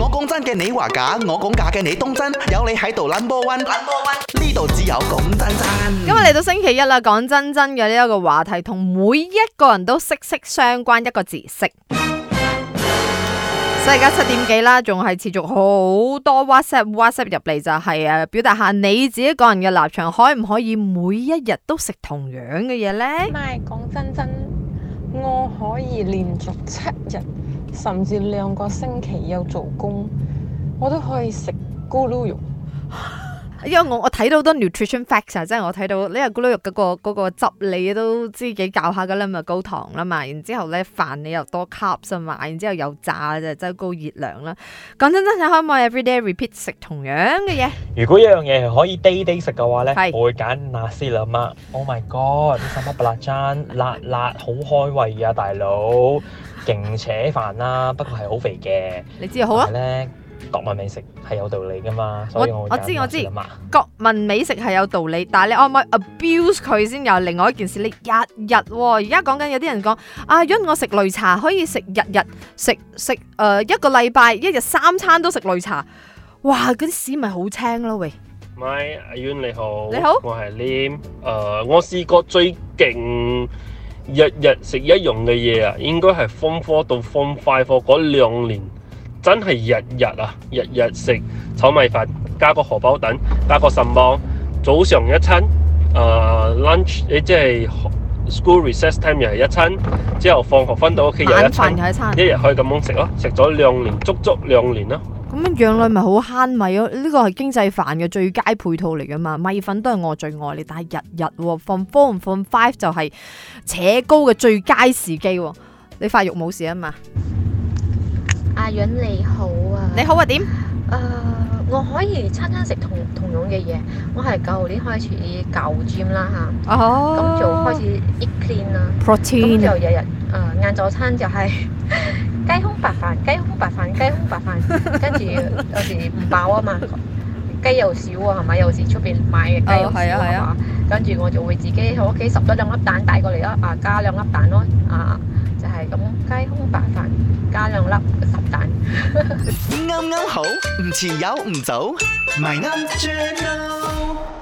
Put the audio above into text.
我講真嘅，你話假；我講假嘅，你當真。有你喺度 number one，number one 呢度只有講真真。今日嚟到星期一啦，講真真嘅呢一個話題，同每一個人都息息相關。一個字食。而家 七點幾啦，仲係持續好多 WhatsApp WhatsApp 入嚟就係、是、誒，表達下你自己個人嘅立場，可唔可以每一日都食同樣嘅嘢呢？唔係講真真，我可以連續七日。甚至兩個星期有做工，我都可以食咕嚕肉。 因為我我睇到好多 nutrition facts 即係我睇到呢個咕嚕肉嗰，那個，那個汁你都知幾教下噶啦，嘛、就是，高糖啦嘛。然之後咧飯你又多 carbs 啊嘛，然之後又炸，然後又炸就真、是、係高熱量啦。講真真，你可唔可以 everyday repeat 食同樣嘅嘢？如果一樣嘢可以 day day 食嘅話咧，我會揀那斯拉麥。Oh my god！啲份乜拉真辣辣好開胃啊，大佬！ 勁扯飯啦，不過係好肥嘅。你知道好啊？咧，國民美食係有道理噶嘛。我所以我，我知我知。國民美食係有道理，但係你可唔可以 abuse 佢先？又另外一件事，你日日喎，而家講緊有啲人講啊，阿遠我食擂茶可以食日日食食誒一個禮拜一日三餐都食擂茶。哇，嗰啲屎咪好青咯喂！咪阿遠你好，你好，我係 Liam，呃，我試過最勁。日日食一樣嘅嘢啊，應該係 form four 到 form five 嗰兩年，真係日日啊，日日食炒米飯加個荷包蛋加個什旺，早上一餐，誒、呃、，lunch 即係 school recess time 又係一餐，之後放學返到屋企又，又一餐，一日可以咁樣食咯，食咗兩年，足足兩年咯。咁樣養女咪好慳米咯，呢、這個係經濟飯嘅最佳配套嚟噶嘛？米粉都係我最愛你，但係日日放 four 唔放 five 就係扯高嘅最佳時機，你發育冇事啊嘛？阿允你好啊，你好啊點？誒、呃，我可以餐餐食同同樣嘅嘢，我係舊年開始做 gym 啦吓，哦，咁就開始 eat clean 啦，protein 就日日誒晏晝餐就係。 雞胸白飯，雞胸白飯，雞胸白飯， 跟住有時唔飽啊嘛，雞又少啊，係咪？有時出邊買嘅雞肉少、哦、係啊，係啊。跟住我就會自己喺屋企拾多兩粒蛋帶過嚟咯，啊加兩粒蛋咯，啊就係咁雞胸白飯加兩粒十蛋，啱 啱、嗯嗯、好，唔遲有，唔早，唔係啱轉咯。